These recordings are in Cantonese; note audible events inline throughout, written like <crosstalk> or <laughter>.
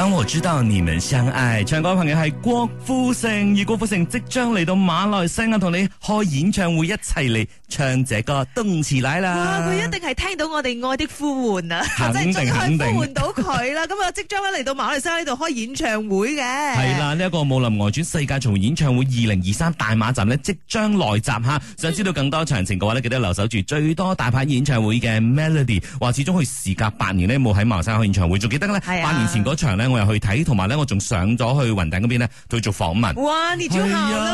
當我知道你們相愛，唱歌嘅朋友係郭富城，而郭富城即將嚟到馬來西亞同你開演唱會，一齊嚟唱這個《冬至來啦》。佢一定係聽到我哋愛的呼喚啊！定 <laughs> 即係可以呼喚到佢啦。咁啊定，即將咧嚟到馬來西亞呢度開演唱會嘅。係啦，呢、這、一個《武林外傳》世界巡迴演唱會二零二三大馬站呢，即將來襲吓，想知道更多詳情嘅話咧，記得留守住最多大牌演唱會嘅 Melody。話始終佢時隔八年咧冇喺馬來西亞開演唱會，仲記得呢？係八年前嗰場呢。我又去睇，同埋咧，我仲上咗去雲頂嗰邊咧，去做訪問。哇！你仲好咯，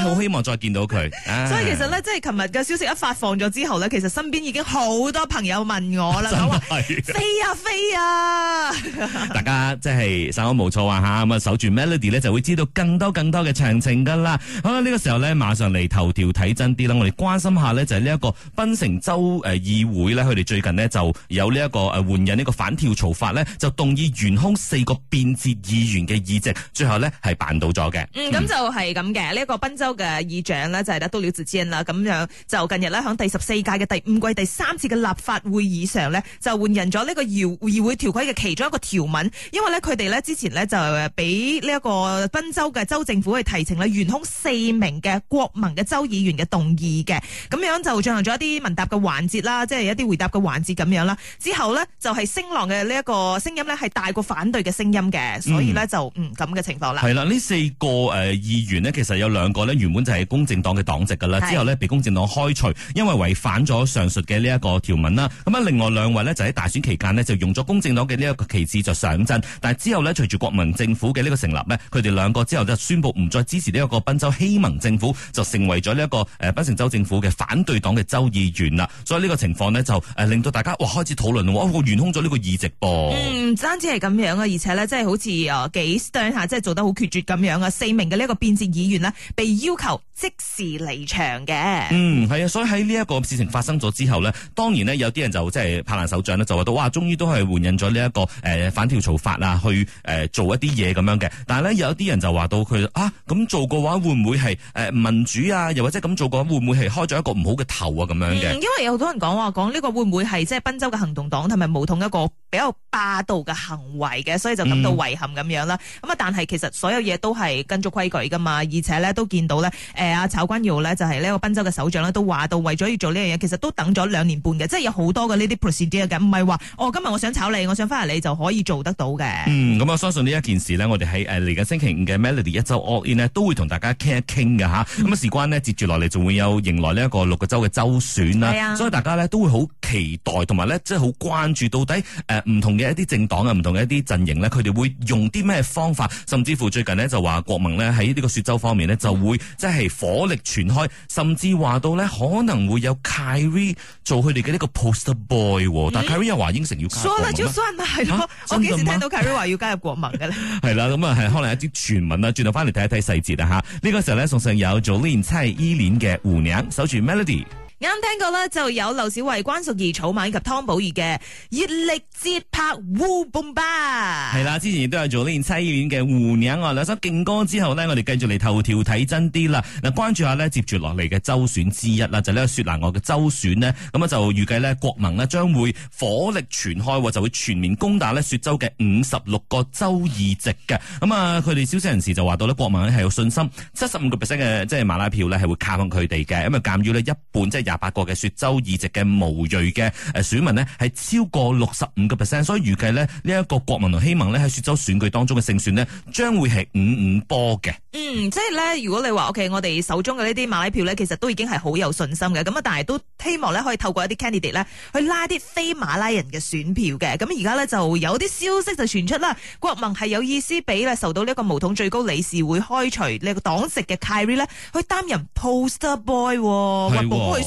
好、啊、 <laughs> 希望再見到佢。啊、所以其實呢，即係琴日嘅消息一發放咗之後呢，其實身邊已經好多朋友問我啦，話飛啊飛啊！飛啊 <laughs> 大家即係稍安勿躁啊嚇，咁啊守住 Melody 呢，就會知道更多更多嘅詳情噶啦。好、啊、啦，呢、這個時候呢，馬上嚟頭條睇真啲啦，我哋關心下呢，就係呢一個檳城州誒議會呢，佢哋最近呢，就有呢一個誒援引呢個反跳槽法呢，就動議懸空。四個變節議員嘅議席，最後呢係辦到咗嘅。嗯，咁、 <noise> 嗯、就係咁嘅。呢、這、一個賓州嘅議長呢，就係得到了支持啦。咁樣就近日呢，響第十四屆嘅第五季，第，五季第三次嘅立法會議上呢，就換人咗呢個搖議會條規嘅其中一個條文，因為呢，佢哋呢之前呢，就俾呢一個賓州嘅州政府去提呈呢，懸空四名嘅國盟嘅州議員嘅動議嘅。咁樣就進行咗一啲問答嘅環節啦，即係一啲回答嘅環節咁樣啦。之後呢，就係聲浪嘅呢一個聲音呢，係大過反嘅聲音嘅樂，所以呢，就唔咁嘅情況啦。係啦，呢四個誒議員咧，其實有兩個呢，原本就係公正黨嘅黨籍噶啦，是之後呢，被公正黨開除，因為違反咗上述嘅呢一個條文啦。咁啊，另外兩位呢，就喺大選期間呢，就用咗公正黨嘅呢一個旗幟就上陣，但係之後呢，隨住國民政府嘅呢個成立呢，佢哋兩個之後就宣布唔再支持呢一個檳州希盟政府，就成為咗呢一個誒檳城州政府嘅反對黨嘅州議員啦。所以呢個情況呢，就誒令到大家哇開始討論，我懸空咗呢個議席噃。唔單、嗯嗯嗯、止係咁樣而且咧，即係好似啊幾 down 下，即係做得好決絕咁樣啊！四名嘅呢一個變節議員呢，被要求即時離場嘅。嗯，係啊，所以喺呢一個事情發生咗之後呢，當然呢，有啲人就即係拍爛手掌呢，就話到哇，終於都係援引咗呢一個誒、呃、反跳槽法啊，去誒、呃、做一啲嘢咁樣嘅。但係呢，有啲人就話到佢啊，咁做嘅話會唔會係誒民主啊？又或者咁做嘅話會唔會係開咗一個唔好嘅頭啊？咁樣嘅、嗯。因為有好多人講講呢個會唔會係即係賓州嘅行動黨同埋冇同一個。比較霸道嘅行為嘅，所以就感到遺憾咁樣啦。咁啊、嗯，但係其實所有嘢都係跟足規矩噶嘛，而且咧都見到咧，誒、呃，阿炒軍耀咧就係、是、呢個濱州嘅首長咧，都話到為咗要做呢樣嘢，其實都等咗兩年半嘅，即係有好多嘅呢啲 push 事件嘅，唔係話哦，今日我想炒你，我想翻嚟你就可以做得到嘅。嗯，咁啊，相信呢一件事呢，我哋喺誒嚟緊星期五嘅 Melody 一周 All 呢都會同大家傾一傾嘅吓。咁啊，事關咧接住落嚟，仲會有迎來呢一個六個周嘅周選啦，啊、所以大家呢都會好期待，同埋呢，即係好關注到底、呃唔同嘅一啲政黨啊，唔同嘅一啲陣營咧，佢哋會用啲咩方法？甚至乎最近呢，就話國盟呢喺呢個雪州方面呢，就會即係火力全開，甚至話到呢可能會有 KJ 做佢哋嘅呢個 poster boy。但 KJ 又話應承要加入國盟、嗯。說了就算係、啊、我幾時聽到 KJ 話要加入國盟嘅咧？係啦， <laughs> 咁啊係可能一啲傳聞啦，轉頭翻嚟睇一睇細節啦吓。呢、這個時候呢，送上咧， <laughs> 宋勝友、早年妻、Elaine 嘅胡娘，守住 Melody。啱聽過呢，就有劉小慧、關淑怡、草蜢及湯寶如嘅《熱力節拍烏蹦巴》係啦，之前亦都有做呢段淒婉嘅互釀啊！兩首勁歌之後呢，我哋繼續嚟，頭條睇真啲啦。嗱，關注下呢，接住落嚟嘅州選之一啦，就呢、是、個雪蘭莪嘅州選呢。咁啊就預計呢，國盟呢將會火力全開，就會全面攻打呢雪州嘅五十六個州議席嘅。咁啊，佢哋消息人士就話到呢，國盟係有信心七十五個 percent 嘅即係馬拉票呢係會靠向佢哋嘅，因為鑒於呢一半即係。廿八個嘅雪州議席嘅巫裔嘅誒選民呢，係超過六十五個 percent，所以預計呢，呢一個國民同希盟呢，喺雪州選舉當中嘅勝算呢，將會係五五波嘅。嗯，即係咧，如果你話 OK，我哋手中嘅呢啲馬拉票呢，其實都已經係好有信心嘅。咁啊，但係都希望呢，可以透過一啲 candidate 咧，去拉啲非馬拉人嘅選票嘅。咁而家呢，就有啲消息就傳出啦，國民係有意思俾受到呢一個巫統最高理事會開除呢、這個黨籍嘅 Khairy 呢，去擔任 poster boy，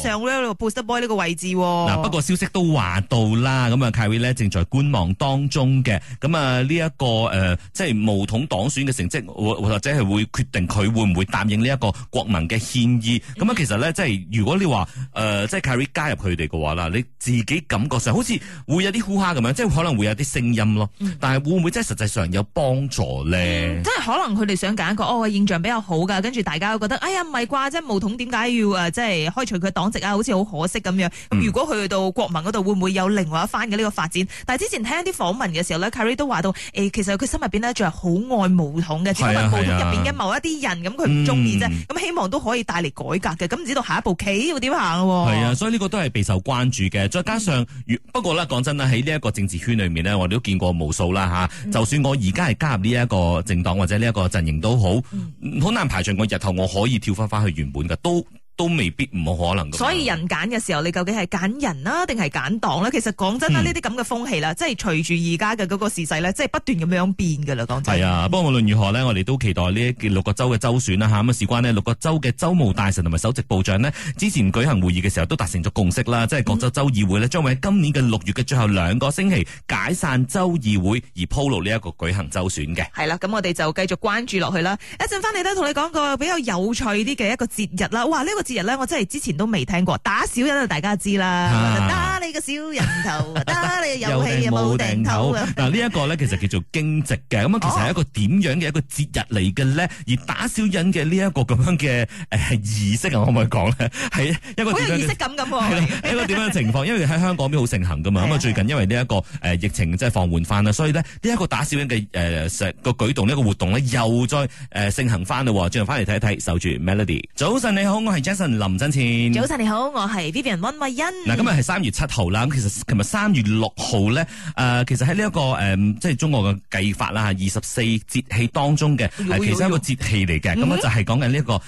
上咧個 p o s t boy 呢個位置嗱、哦啊，不過消息都話到啦，咁啊 k a r r i e 咧正在觀望當中嘅，咁啊呢一、這個誒，即係巫統黨選嘅成績，或或者係會決定佢會唔會答應呢一個國民嘅憲意。咁啊、嗯，其實咧，即係如果你話誒、呃，即係 k a r r i 加入佢哋嘅話啦，你自己感覺上好似會有啲呼哈咁樣，即係可能會有啲聲音咯。但係會唔會即係實際上有幫助咧？即係、嗯、可能佢哋想揀一個哦，印象比較好㗎，跟住大家都覺得，哎呀，唔係啩？即係巫統點解要誒，即係開除佢黨好似好可惜咁樣。咁如果去到國民嗰度，會唔會有另外一番嘅呢個發展？但係之前聽一啲訪問嘅時候咧，Carrie 都話到，誒、欸，其實佢心入邊咧，仲係好愛武統嘅，只不過武統入邊嘅某一啲人咁，佢唔中意啫。咁、嗯、希望都可以帶嚟改革嘅。咁唔知道下一步棋要點行喎？係啊，所以呢個都係備受關注嘅。再加上，嗯、不過咧，講真啦，喺呢一個政治圈裏面呢，我哋都見過無數啦嚇。嗯、就算我而家係加入呢一個政黨或者呢一個陣營都好，好、嗯、難排除我日後我可以跳翻翻去原本嘅都。都未必唔可能。所以人揀嘅時候，你究竟係揀人啦、啊，定係揀黨咧？其實講真啦，呢啲咁嘅風氣啦，即係隨住而家嘅嗰個時勢咧，即係不斷咁樣變㗎啦。講真。係啊，不過無論如何呢，我哋都期待呢一六個州嘅州選啦嚇，咁啊事關呢，六個州嘅州務大臣同埋首席部長呢，之前舉行會議嘅時候都達成咗共識啦，即係各州州議會呢，嗯、將會喺今年嘅六月嘅最後兩個星期解散州議會而鋪路呢一個舉行州選嘅。係啦、啊，咁我哋就繼續關注落去啦。一陣翻嚟都同你講個比較有趣啲嘅一個節日啦。哇！呢、這個節日咧，我真係之前都未聽過打小人啊！大家知啦，啊、打你個小人頭， <laughs> 打你個遊戲冇定頭啊！嗱，呢一個咧其實叫做驚蟄嘅，咁啊，其實係一個點樣嘅一個節日嚟嘅咧。而打小人嘅呢、呃、 <laughs> 一個咁樣嘅誒儀式啊，可唔可以講咧？係一個好有儀式感咁喎！係啦，一個點樣嘅情況？ <laughs> 因為喺香港邊好盛行噶嘛。咁啊，最近因為呢、這、一個誒、呃、疫情即係放緩翻啦，所以呢，呢、這、一個打小人嘅誒上個舉動呢、這個活動咧又再誒盛行翻啦。轉翻嚟睇一睇，守住 Melody。早晨你好，我係早晨，林振前。早晨你好，我係 Vivian 溫慧欣。嗱，今日係三月七號啦。咁其實，琴日三月六號咧，誒，其實喺呢一個誒，即、呃、係、就是、中國嘅計法啦，二十四節氣當中嘅，係、呃呃、其中一個節氣嚟嘅。咁、呃呃呃、就係講緊呢一個誒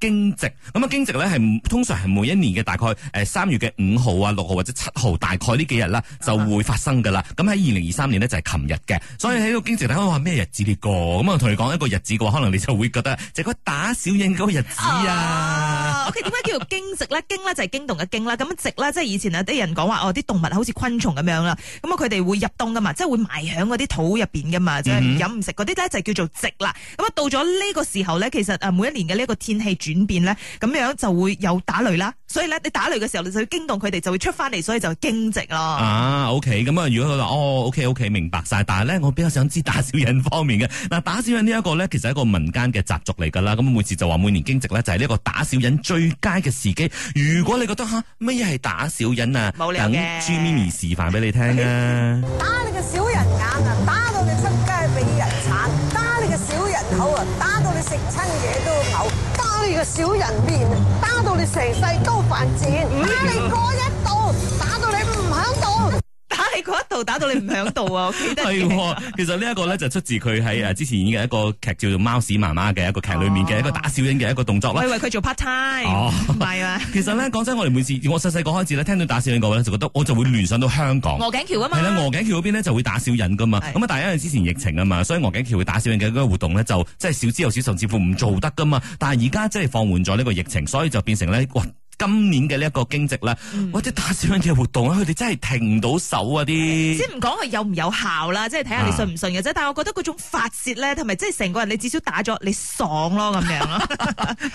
驚蟄。咁啊驚蟄咧係通常係每一年嘅大概誒三月嘅五號啊、六號或者七號，大概呢幾日啦，就會發生噶啦。咁喺二零二三年呢，就係琴日嘅。所以喺個驚蟄咧，大家話咩日子嚟個？咁啊同你講一個日子嘅話，可能你就會覺得就個打小人嗰個日子啊，啊。 <laughs> <laughs> 點解叫做驚蟄咧？驚咧就係驚動嘅驚啦，咁啊蟄咧，即係以前啊啲人講話哦，啲動物好似昆蟲咁樣啦，咁啊佢哋會入冬噶嘛，即係會埋響嗰啲土入邊噶嘛，即係飲唔食嗰啲咧就叫做蟄啦。咁啊到咗呢個時候咧，其實啊每一年嘅呢個天氣轉變咧，咁樣就會有打雷啦。所以咧，你打雷嘅時候，你就驚動佢哋，就會出翻嚟，所以就驚蟄咯。啊，OK，咁啊，okay, 如果佢話哦，OK，OK，okay, okay, 明白晒。但係咧，我比較想知打小人方面嘅嗱，打小人呢一個咧，其實係一個民間嘅習俗嚟噶啦。咁每次就話每年驚蟄咧，就係呢一個打小人最佳嘅時機。如果你覺得吓乜嘢係打小人啊，等朱咪咪示範俾你聽啦、啊。Okay. 打你個小人眼啊！打到你出街俾人鏟！打你個小人口啊！打到你食親嘢都嘔。小人面，打到你成世都犯賤，打你過一道，打到你嗰一道打到你唔喺度啊！我記得係， <laughs> 其實呢一個咧就出自佢喺誒之前演嘅一個劇叫做《貓屎媽媽》嘅一個劇裏面嘅一個打小人嘅一個動作啦。佢為佢做 part time，係啦。哦 <laughs> 啊、其實咧講真，我哋每次我細細個開始咧聽到打小人個話咧，就覺得我就會聯想到香港。鵝頸橋啊嘛，係鵝頸橋嗰邊咧就會打小人噶嘛。咁啊的，但係因為之前疫情啊嘛，所以鵝頸橋會打小人嘅嗰個活動咧就即係少之又少，甚至乎唔做得噶嘛。但係而家即係放緩咗呢個疫情，所以就變成咧。今年嘅呢一個驚蟄啦，或者打小人嘅活動啊，佢哋真係停唔到手啊啲。先唔講佢有唔有效啦，即係睇下你信唔信嘅啫。啊、但係我覺得嗰種發泄咧，同埋即係成個人，你至少打咗，你爽咯咁樣。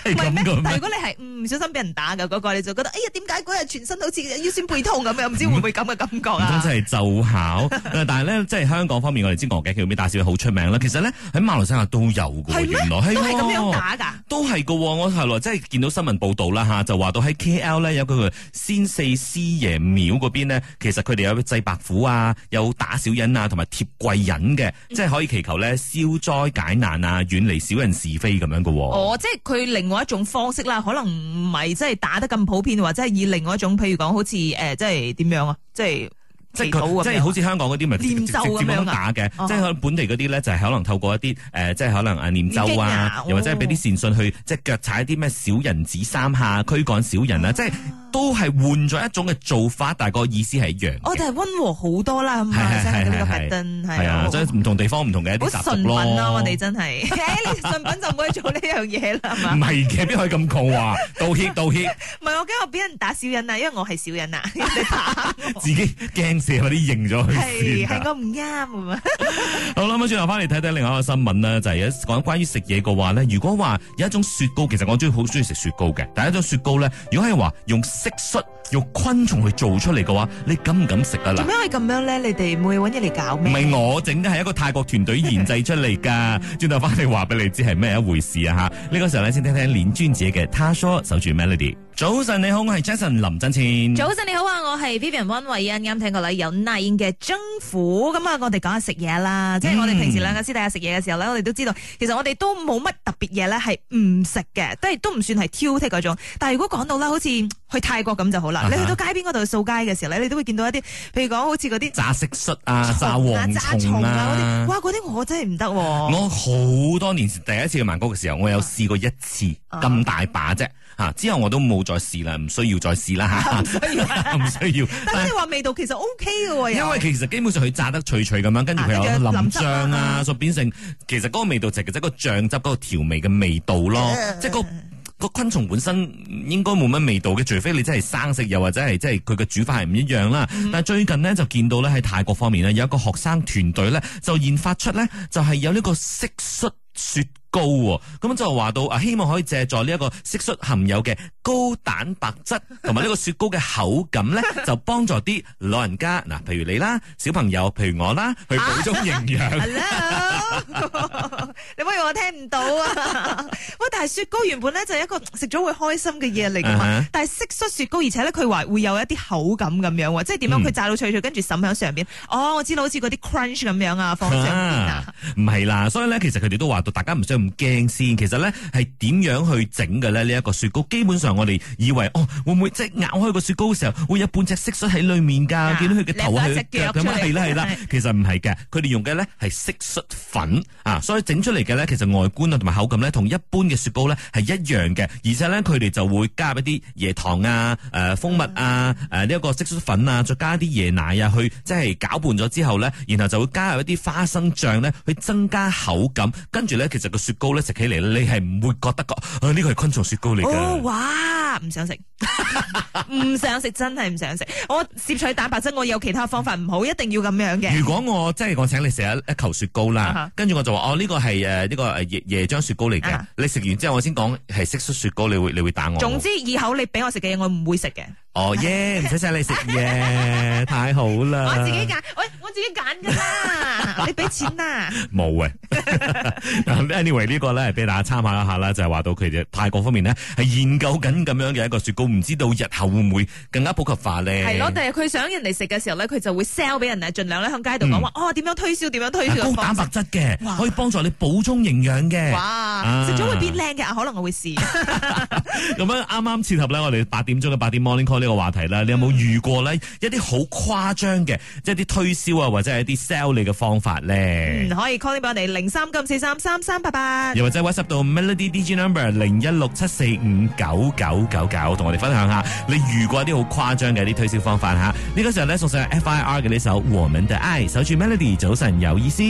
係 <laughs> <laughs> 但如果你係唔小心俾人打嘅嗰、那個，你就覺得哎呀，點解嗰日全身好似腰痠背痛咁 <laughs> 樣？唔知會唔會咁嘅感覺啊？唔通真係奏效？ <laughs> 但係咧，即係香港方面，我哋知鵝頸橋叫咩？打小人好出名啦。其實咧，喺馬來西亞都有嘅喎，嗎原來都係咁樣打㗎？都係嘅喎，我後來，即係見到新聞報導啦吓，就話到喺。K L 咧有個仙四師爺廟嗰邊咧，其實佢哋有祭白虎啊，有打小人啊，同埋貼貴人嘅，即係可以祈求咧消災解難啊，遠離小人是非咁樣嘅、啊。哦，即係佢另外一種方式啦，可能唔係即係打得咁普遍，或者係以另外一種，譬如講好似誒、呃，即係點樣啊，即係。即係好似香港嗰啲咪直接咁樣打嘅，即係本地嗰啲咧就係可能透過一啲誒，即係可能誒念咒啊，又或者係俾啲善信去即係腳踩啲咩小人指三下，驅趕小人啊，即係都係換咗一種嘅做法，大概意思係一樣。我哋係溫和好多啦，係嘛？係係啊，所以唔同地方唔同嘅一啲習俗咯。我哋真係誒，你信品就唔可以做呢樣嘢啦，係嘛？唔係嘅，邊可以咁講話？道歉道歉。唔係我驚我俾人打小人啊，因為我係小人啊，自己驚。係咪啲認咗佢先啊？係唔啱啊！ <laughs> 好啦，咁轉頭翻嚟睇睇另外一個新聞啦，就係一講關於食嘢嘅話咧。如果話有一種雪糕，其實我中意好中意食雪糕嘅。但係一種雪糕咧，如果係話用蟋蟀、用昆蟲去做出嚟嘅話，你敢唔敢食啊？啦？點解係咁樣咧？你哋會揾嘢嚟搞咩？唔係我整嘅，係一個泰國團隊研製出嚟噶。轉頭翻嚟話俾你知係咩一回事啊？嚇！呢個時候咧，先聽聽連專姐嘅《他說守住 Melody》。早晨，你好，我係 Jason 林振千。早晨你好啊，我係 Vivian 温慧欣。啱聽個咧有 nine 嘅征服，咁啊，嗯、我哋講下食嘢啦。即係我哋平時兩個私底下食嘢嘅時候咧，嗯、我哋都知道，其實我哋都冇乜特別嘢咧係唔食嘅，都係都唔算係挑剔嗰種。但係如果講到咧，好似去泰國咁就好啦。啊、你去到街邊嗰度掃街嘅時候咧，你都會見到一啲，譬如講好似嗰啲炸蟋蟀啊、炸蝗、啊、炸蟲啊嗰啲、啊。哇，嗰啲我真係唔得。我好多年前第一次去曼谷嘅時候，我有試過一次咁大把啫。嚇！之後我都冇再試啦，唔需要再試啦嚇。唔 <laughs> 需要， <laughs> 但係你話味道其實 OK 嘅喎。 <laughs> 因為其實基本上佢炸得脆脆咁樣，跟住佢有淋醬啊，所變成其實嗰個味道就係即係個醬汁嗰個調味嘅味道咯，即係、 <laughs> 嗰個。個昆蟲本身應該冇乜味道嘅，除非你真係生食，又或者係即係佢嘅煮法係唔一樣啦。嗯、但係最近呢，就見到咧喺泰國方面咧有一個學生團隊咧就研發出咧就係有呢個蟋蟀雪糕，咁就話到啊，希望可以借助呢一個蟋蟀含有嘅高蛋白質同埋呢個雪糕嘅口感咧，就幫助啲老人家嗱，譬如你啦，小朋友，譬如我啦，去補充營養。啊 <laughs> Hello ? <laughs> 我聽唔到啊！喂，但係雪糕原本咧就係一個食咗會開心嘅嘢嚟噶嘛？但係蟋蟀雪糕，而且咧佢話會有一啲口感咁樣，即係點樣？佢炸到脆脆，跟住滲喺上邊。哦，我知道，好似嗰啲 crunch 咁樣啊，放上邊啊！唔係啦，所以咧，其實佢哋都話到，大家唔使咁驚先。其實咧係點樣去整嘅咧？呢一個雪糕，基本上我哋以為哦，會唔會即係咬開個雪糕嘅時候會有半隻蟋蟀喺裏面噶？見到佢嘅頭啊、腳啊，係啦係啦，其實唔係嘅，佢哋用嘅咧係蟋蟀粉啊，所以整出嚟嘅咧。其實外觀啊，同埋口感咧，同一般嘅雪糕咧係一樣嘅，而且咧佢哋就會加入一啲椰糖啊、誒蜂蜜啊、誒呢一個色素粉啊，再加啲椰奶啊，去即係攪拌咗之後咧，然後就會加入一啲花生醬咧，去增加口感。跟住咧，其實個雪糕咧食起嚟，你係唔會覺得呢、啊呢個係昆蟲雪糕嚟嘅。哦，哇，唔想食，唔 <laughs> 想食，真係唔想食。我攝取蛋白質，我有其他方法，唔好一定要咁樣嘅。如果我真係我請你食一一球雪糕啦，跟住、uh huh. 我就話哦，呢、呢個係誒。這個這個誒椰椰漿雪糕嚟嘅，uh huh. 你食完之後我先講係色素雪糕，你會你會打我。總之，以後你俾我食嘅嘢，我唔會食嘅。哦耶，唔使晒你食嘢，太好啦！我自己揀，喂我自己揀噶啦。你俾錢啊？冇啊。 <laughs> anyway 個呢個咧，俾大家參考一下啦，就係、是、話到佢哋泰國方面呢，係研究緊咁樣嘅一個雪糕，唔知道日後會唔會更加普及化咧？係咯，但係佢想人哋食嘅時候咧，佢就會 sell 俾人啊，儘量咧向街度講話哦，點樣推銷，點樣推銷。高蛋白質嘅，哇可以幫助你補充營養嘅。哇！食咗、啊、會變靚嘅，可能我會試。咁 <laughs> <laughs> 樣啱啱切合咧，我哋八點鐘嘅八點 morning call 呢個話題啦，嗯、你有冇遇過呢？一啲好誇張嘅，即係一啲推銷啊，或者係一啲 sell 你嘅方法？咧呢、嗯，可以 call 你俾我哋零三九四三三三八八，又或者 WhatsApp 到 Melody D G Number 零一六七四五九九九九，同我哋分享下你如果有一啲好誇張嘅一啲推銷方法吓。呢、這個時候咧送上 F I R 嘅呢首《我們的愛》，守住 Melody，早晨有意思。